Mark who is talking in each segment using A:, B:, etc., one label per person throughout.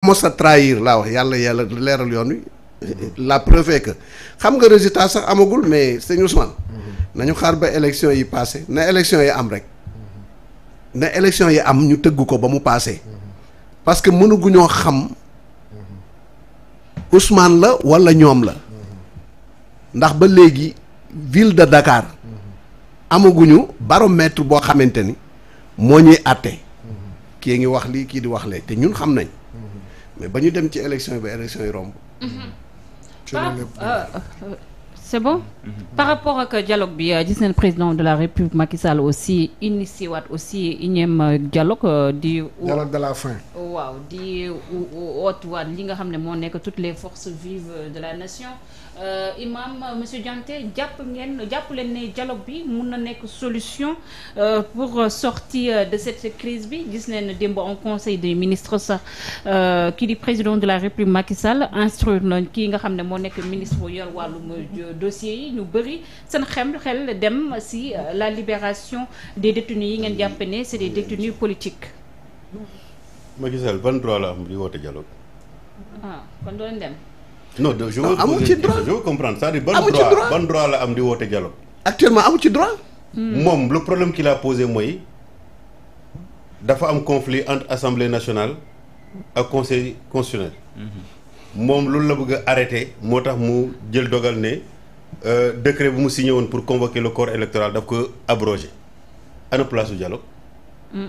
A: mos a trahir laa wax yàlla yàlla leeral yoon wi la preuve est que xam nga résultat sax amagul mais sëñ Ousmane nañu xaar ba élection yi passé ne élection yi am rek na élection yi am ñu tëgg ko ba mu passé parce que ñoo xam Ousmane la wala ñoom la ndax ba léegi ville de Dakar amaguñu baromètre boo xamante ni moo ñuy àtte kii ngi wax lii kii di wax lee te ñun xam nañ mais ba ñu dem ci élection yi ba élection yi romb.
B: Mhm.
C: c'est bon. Mhm. par rapport ak dialogue bi gis nañ président de la république Macky Sall aussi initié waat aussi unième euh, dialogue euh, di. dialogue de la faim. waaw di ootuwaat li nga xam ne moo nekk toutes les forces vives de la nation euh, imam monsieur Dianté jàpp ngeen jàpp leen ne dialogue bi mun na nekk solution pour sortir de cette crise bi gis nañ démb en conseil des ministres sax kii di président de la république Macky Sall instruire nañ nga xam ne moo nekk ministre yor wàllum. dossiers yi ñu bëri seen xel xel dem si euh, la libération des détenus yi ngeen jàpp ne c'est des détenus politiques.
D: ma gisal ban droit la am di woote dialogue. ah kon de je ah, veux. amu ci droit je veux ban droit ban droit la am di woote dialogue. actuellement amu ci droit. Hmm. moom le problème qu'il a posé mooy dafa am conflit entre assemblée nationale ak conseil constitutionnel. Hmm. moom loolu la bëgg a moo tax mu jël dogal ne. Euh, décret bu mu signé woon pour convoquer le corps électoral daf ko abrogé ana place u dialogue mm.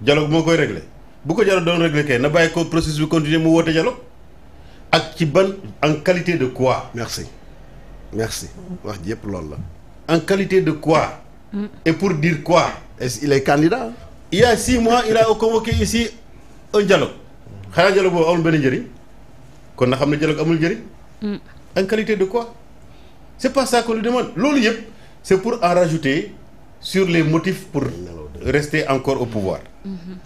D: dialogue moo koy réglé bu ko dialogue doon réglé kay na bàyyi ko processus continuer mu woote dialogue ak ci ban en qualité de quoi merci merci wax ji yëpp loolu la en qualité de quoi mm. et pour dire quoi est-ce il est candidat il y a six mois il a convoqué ici un dialogue xanaa dialogue boobu amul benn njëriñ kon na xam ne dialogue amul njëriñ mm. en qualité de quoi c'est pas ça qu'on lui demande loolu yëpp c'est pour en rajouter sur les motifs pour rester encore au pouvoir mm-hmm.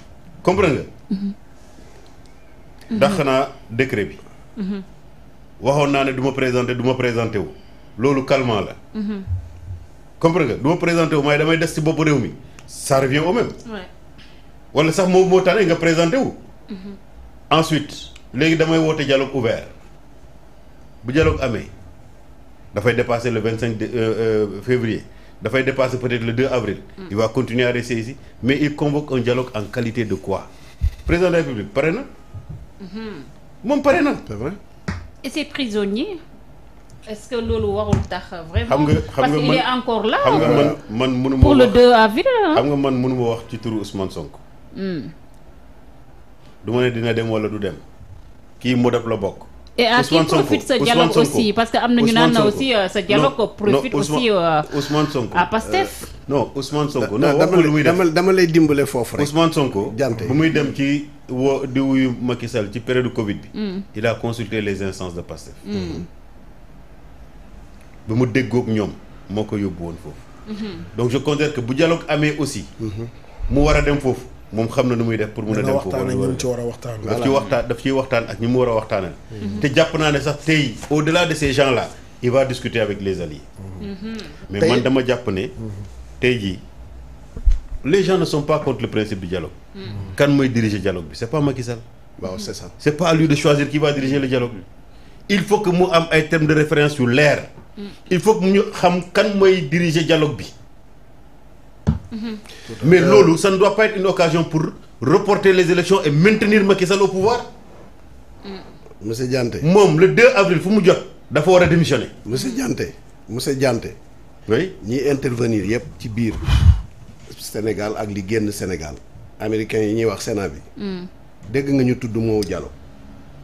D: comprends nga
B: mm-hmm. dàq
D: naa décret bi
B: mm-hmm.
D: waxoon naa ne du ma présenté du wu loolu calmant la comprends nga du ma présenté wu maay damay des si bopp réew mi ça revient au même wala sax moo moo tane nga présenté wu ensuite léegi damay woote dialogue ouvert bu dialogue amee dafay dépasser le vingt cinq euh, euh, février dafay dépasser peut-être le 2 avril. Mm. il va continuer à mais il convoque un dialogue en qualité de quoi président de la pare na. Mm-hmm. moom pare na. c'est vrai.
C: et ces prisonniers. est-ce que loolu warul tax xam nga xam nga man encore là. xam nga
D: man man mënuma xam nga man mënuma wax ci turu Ousmane Sonko. Mm. du ne dina dem wala du dem kii def la bokk.
C: et à qui profite ce aussi parce que am na ñu naan na aussi euh, ce dialogue profite aussi
D: euh, Ousmane Sonko à Pastef euh, non Ousmane Sonko non dama lay dimbale foofu rek Ousmane Sonko jante bu muy dem ci wo di wuyu Macky ci période Covid bi mm. il a consulté les instances de Pastef mm. Mm. ba mu déggoog ñoom moo ko yóbbu woon foofu mm-hmm. donc je considère que bu dialogue amee aussi mm-hmm. mu war a dem foofu moom xam na nu muy def pour mun a dem foofu ma ci war a waxtaan daf ci waxtaan daf ciy waxtaan ak ñi mu war a waxtaanal mhm. te jàpp naa ne sax tey de ces gens là il va les alliés
B: mhm. mais
D: dama jàpp ne mhm. tey jii les gens ne sont pas contre le principe du dialogue kan mooy diriger bi c'est pas waaw c'est ça c'est pas à lui de choisir qui va faut que mu am ay termes de référence yu leer il faut que ñu xam kan mooy diriger dialogue bi Mm-hmm. mais loolu ça ne doit pas être une occasion pour reporter les élections et maintenir Macky Sall au pouvoir. Mm. monsieur Dianté moom le 2 avril fu mu jot dafa war a démissionner.
A: monsieur monsieur Dianté. oui ñiy intervenir yëpp ci biir Sénégal ak li génn Sénégal américains yi ñuy wax Sénat bi. Mm. dégg nga ñu tudd Mawou jalo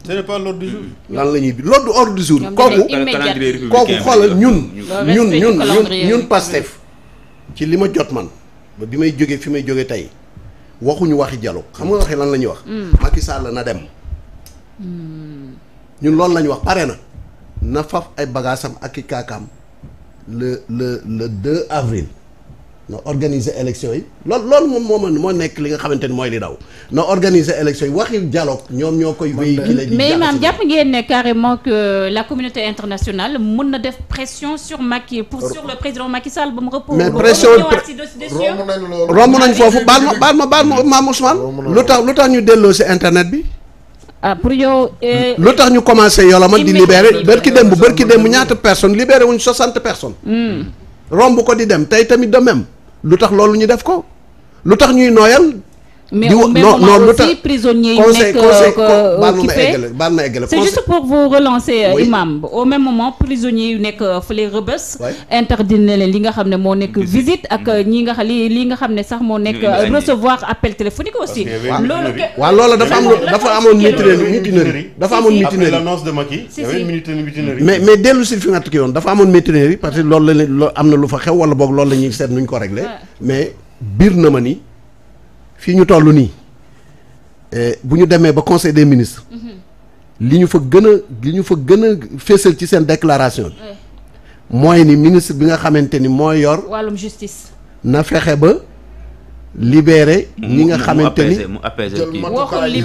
D: ce n'est lan la ñuy
A: l'ordre ordre du jour. kooku xoolal ñun ñun ñun ñun Pastef. ci li ma jot man. ba bi may jógee fi may jógee tey waxuñu waxi dialogue xam nga waxi lan la ñuy wax. Mm. Macky Sall na dem.
B: Mm.
A: ñun loolu lañuy wax pare na. na faf ay bagaasam ak i kaakaam le le le 2 avril. na organiser élection yi loolu loolu moom moo mën moo nekk li nga xamante ni mooy li daw noo organiser élection yi waxi dialogue ñoom ñoo koy véhiculer mais imaam
C: jàpp ngeen ne carrément que la communauté internationale mën na def pression sur Macky pour sur le président Macky Sall ba mu repos mais pression romb nañ foofu baal ma
A: baal ma baal ma maam Ousmane lu tax lu tax ñu delloo si internet bi ah
C: pour yow. Eh,
A: lu tax ñu commencé yolomal di libérer bërki démb bërki démb ñaata personnes libéré wuñ soixante personnes hmm. romb ko di dem tey tamit de même lu tax loolu ñu def ko lu tax ñuy nooyal mais au même moment aussi
C: prisonnier yu nekk occupé baal ma eggale c'est juste pour vous relancer euh, imam au même moment prisonnier yu nekk euh, fële rëbës interdit na leen li nga xam ne moo nekk visite ak euh, ñi nga xam li li nga xam ne sax moo nekk recevoir appel téléphonique aussi loolu
A: waaw loolu dafa am dafa amoon mutinerie mutinerie dafa amoon mutinerie mais mais dellu si fi nga tukki yoon dafa amoon mutinerie parce que loolu la am na lu fa xew wala boog loolu la ñuy seet nuñ ko régler biir na ma ni fii ñu toll nii eh, bu ñu demee ba conseil des ministres. Mhm. li ñu fa gën a li ñu fa gën a fésal ci seen déclaration bi. mooy ni ministre bi nga xamante ni mooy yor. wàllum na fexe ba libéré. ñi nga xamante ni mu
D: apaiser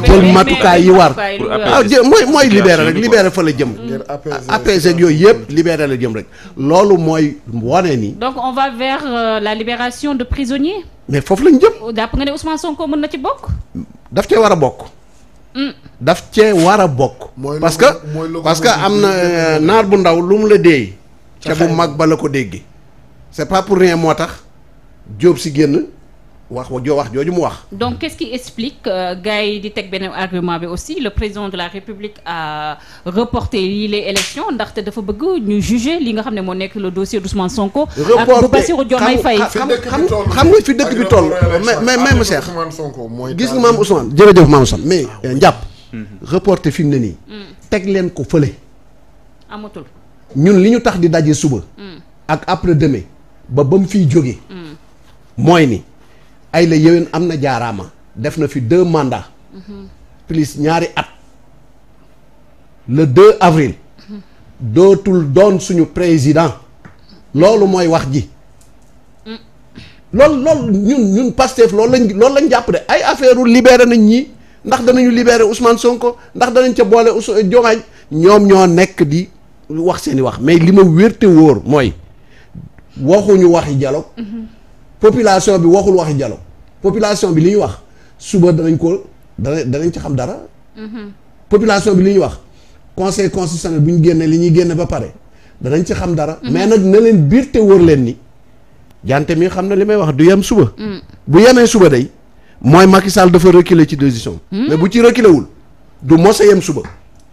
C: jël matukaay yi
A: war. ah mooy mooy libéré rek libéré fa la jëm. Mm. apaiser ak yooyu yëpp libéré la jëm rek. loolu mooy wane ni.
C: donc on va vers euh, la libération de prisonniers.
A: mais foofu lañ jëm.
C: Oh, jàpp nga ne Ousmane Sonko mën na ci bokk.
A: daf cee war a bokk. Hmm. daf cee war a bokk.
D: parce que parce que am na euh,
A: naar bu ndaw lu mu la déey. ca bu mag ba la ko déggi c'est pas pour rien moo tax Diop si génn. wax joo wax jooju mu wax.
C: donc qu'est-ce qui explique euh, gars yi di teg beneen argument bi aussi le président de la république a reporté lii les élections ndaxte dafa bëgg ñu juger li nga xam ne moo nekk le dossier d'Ousmane Sonko. reporté ak Bassirou Diomaye Faye xam
D: xam
A: nga fi dëkk bi toll. mais mais ma seex gis nga maam Ousmane jërëjëf maam Ousmane mais ah, euh, njàpp. Hmm. reporté fi mu ne nii. Hmm. teg leen ko fële. amatul. ñun li ñu tax di daje suba. Hmm. ak après demain ba ba mu fiy jógee. mooy ni. ay la yéwén am na jaaraama def na fi deux mandats. plus ñaari at. le 2 avril. dootul doon suñu président. loolu mooy wax ji. loolu loolu ñun ñun Pastef loolu lañ loolu lañ jàpp de ay affaire libéré nañ ñi ndax danañu libéré Ousmane Sonko ndax danañ ca boole Ousmane euh, Diomaye ñoom ñoo nekk di wax seeni wax mais li ma wérte wóor mooy waxuñu waxi dialogue. population bi waxul wax dialogue population bi li ñuy wax suba danañ ko dana danañ ci xam dara. Mm-hmm. population bi li ñuy wax conseil constitutionnel bu ñu génnee li ñuy génne ba pare danañ ci xam dara. Mm-hmm. mais nag na leen biir te wóor leen ni. jante mi xam na li may wax du yem suba. Mm. bu yemee suba day mooy Macky Sall dafa reculer ci décision. Mm. mais bu ci reculer wul du mos a
D: yem suba.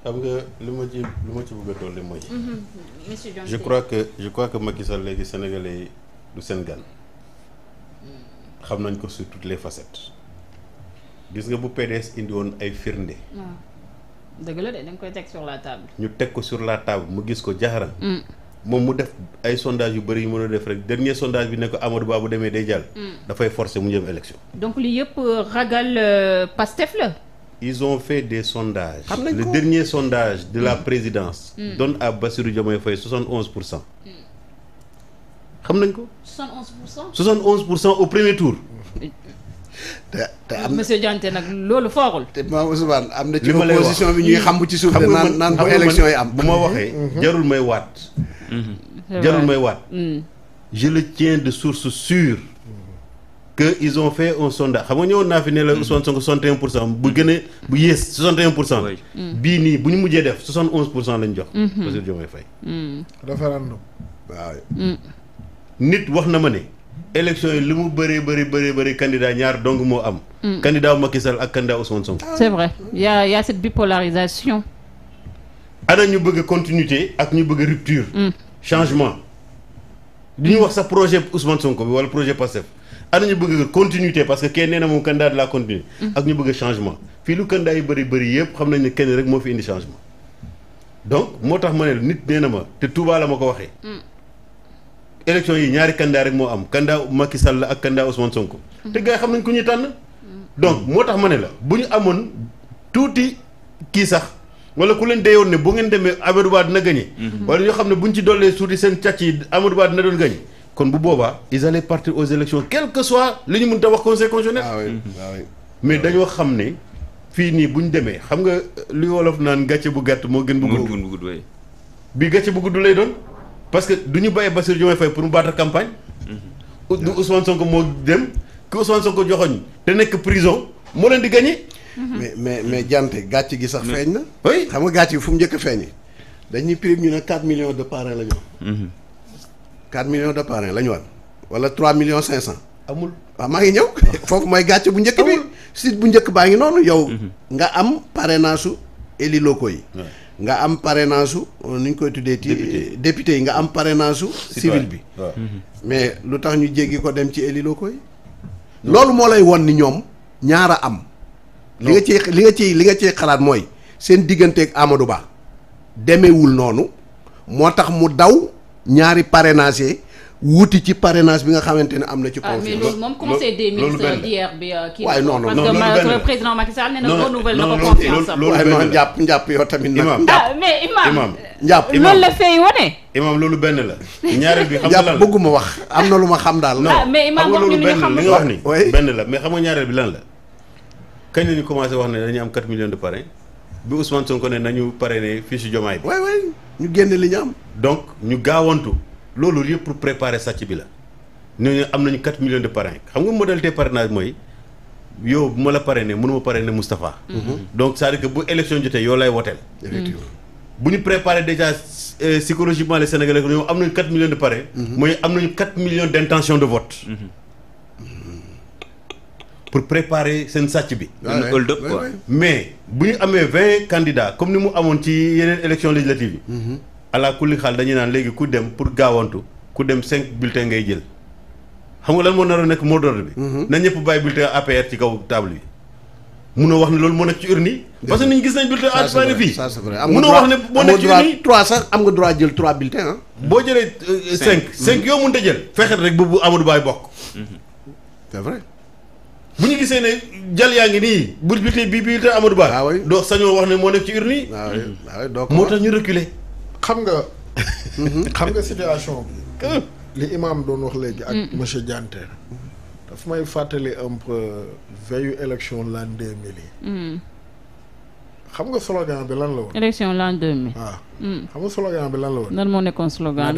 D: xam nga li ma ci li ma ci bëgg a dolli mooy. Mm-hmm. je crois que je crois que Macky Sall léegi sénégalais du seen gan. xam nañ ko surtout les facettes gis nga bu PDS indi woon ay firnde.
C: dëgg la de dañ koy teg sur la table.
D: ñu teg ko sur la table mu gis ko jaxara mm. moom mu def ay sondage yu bëri yu mën a def rek dernier sondage bi ne ko Amadou Ba bu demee day jàll. Mm. dafay forcer mu jëm élection.
C: donc li yëpp euh, ragal euh, Pastef la.
D: ils ont fait des sondages. le dernier sondage de la mm. présidence. donne à Bassirou Diomaye Faye 71 pour cent. xam nañ
C: ko. 71 pour cent
D: pour cent au premier tour. te te am monsieur
C: Dianté nag loolu foogul. te maam Ousmane am na ci opposition bi ñuy xam bu ci suuf de naan naan bu yi am. bu ma waxee mhm. Mhm. jarul
D: may waat. jarul may waat. Mm. je le tiens de source sûre. que ils ont fait un sondage xam nga ñëwoon naa fi ne la mhm. Ousmane Sonko pour cent bu gën a bu yées 61 pour cent. Mm. bii nii bu ñu mujjee def 71 pour cent lañ jox. monsieur Diomaye Faye.
B: Mm. référendum
D: nit wax na ma ne élection yi li mu bëree bëri bëri bëri candidat ñaar dong moo am. Mm. candidat Macky Sall ak candidat Ousmane Sonko.
C: Ah c'est vrai y a y a cette
D: ana ñu bëgg continuité ak ñu bëgg rupture. Mm. changement. du ñu wax sax projet Ousmane Sonko bi wala projet Pastef ana ñu bëgg continuité parce que kenn nee na moom candidat de la continuité. Mm. ak ñu bëgg changement fii lu candidat yi bëri bëri yëpp xam nañ ne kenn rek moo fi indi changement. donc moo tax ma ne nit na ma te Touba la ma ko waxee. élection yi ñaari candidat rek moo am candidat Macky Sall ak candidat Ousmane Sonko. te gars yi xam nañ ku ñuy tànn. donc moo tax ma ne la bu ñu amoon tuuti kii sax wala ku leen deewoon ne bu ngeen demee Amadou Ba dina gagné. Mhm. wala ñoo xam ne bu ñu ci dollee suuti seen càcc yi Amadou Ba dina doon gagné. kon bu boobaa ils allaient partir aux élections quel soit li ñu mënta wax conseil constitutionnel. waaw ah mhm. ah waaw mais dañoo xam ne fii nii bu ñu demee xam nga luy wolof naan gàcce bu gàtt moo gën. bu gudd bi gàcce bu gudd lay doon. parce que du ñu bàyyi Bassirou Diomaye Faye pour mu battre campagne. Mm-hmm. du Ousmane Sonko moo dem ki Ousmane Sonko joxoñ te nekk prison moo leen di gagné.
B: Mm-hmm. mais
A: mais mais jante gàcc gi sax feeñ na. oui xam nga gàcc gi fu mu njëkk a feeñee dañuy prime ñu ne 4 millions de parrains la ñu am. 4 mm-hmm. millions de parrains la ñu am wala 3 millions 500. amul waaw maa ngi ñëw foofu mooy gàcc bu njëkk bi. site bu njëkk baa ngi noonu yow. nga am parrainage su yi. nga am parrainage su euh, nu ñu koy tuddee. député député yi nga am parrainage su. civil bi mhm. mais lu tax ñu jéggi ko dem ci élus locaux yi loolu moo lay won ni ñoom ñaar a am. li nga ciy li nga ciy li nga ciy xalaat mooy seen digganteeg Amadou Ba demewul noonu moo tax mu daw ñaari parrainage wuti ci parrainage bi nga xamante ne am na ci. conseil ah, mais loolu moom conseil des ministres
C: d'hier bi. Euh, waaye non non loolu parce que président Macky Sall nee
A: njàpp njàpp yoo tamit. imam ah
C: mais imam.
A: njàpp loolu la fay wane. imam loolu benn
D: la. ñaareel bi xam nga wax am na lu ma xam daal. ah mais imam wax ñu li nga xam nga wax benn la mais xam nga ñaareel bi lan la. kañ la ñu wax ne dañu am 4 millions de parrain bi Ousmane Sonko ne nañu parrainé fii si Diomaye bi. waay waay ñu génne li ñu donc ñu gaawantu loolu yëpp pour préparer sàcc bi la ñooñu am nañu 4 millions de parrains xam nga modalité parrainage mooy yow bu ma la ne mënuma parrainé Moustapha. Mhm. donc c'est-à-dire que bu élection jotee yow lay woteel. Mhm. bu ñu préparer déjà euh, psychologiquement les Sénégalais que ñoom am nañu 4 millions de parrains. Mhm. mooy am nañu 4 millions d'intentions de vote. pour préparer seen sàcc bi. mais bu ñu amee 20 candidats comme ni mu amoon ci yeneen élection législative yi. ala kulli xaal dañuy naan léegi ku dem pour gaawantu ku dem cinq bulletins ngay jël xam nga lan moo nar nekk moo d'ordre bi. Mhm. na ñëpp bàyyi bulletin APR ci kaw table bi. munoo wax ne loolu moo nekk ci urne yi. parce que gis nañ bulletin APR fii. ça c'est vrai munoo wax ne
A: mhm. boo
D: jëlee euh, cinq cinq mhm. yoo mënut a jël. rek bu bu Amadou Baye bokk. c'est bu ñu gisee ne jal yaa ngi nii bu bulletin bii bulletin Amadou Ba. Ah doo sañoo wax ne moo nekk ah ah doo moo tax ñu reculer. xam nga. Mhm. xam nga situation bi. li imam doon wax léegi. ak mm. monsieur Dianté. daf may fàttali un peu veillu élection l'an deux mille yi. Mm. xam
B: nga slogan bi lan la woon.
C: élection l'an deux mille. waaw. Ah. Mm. xam
B: slogan bi lan la
A: woon. lan
C: moo nekkoon slogan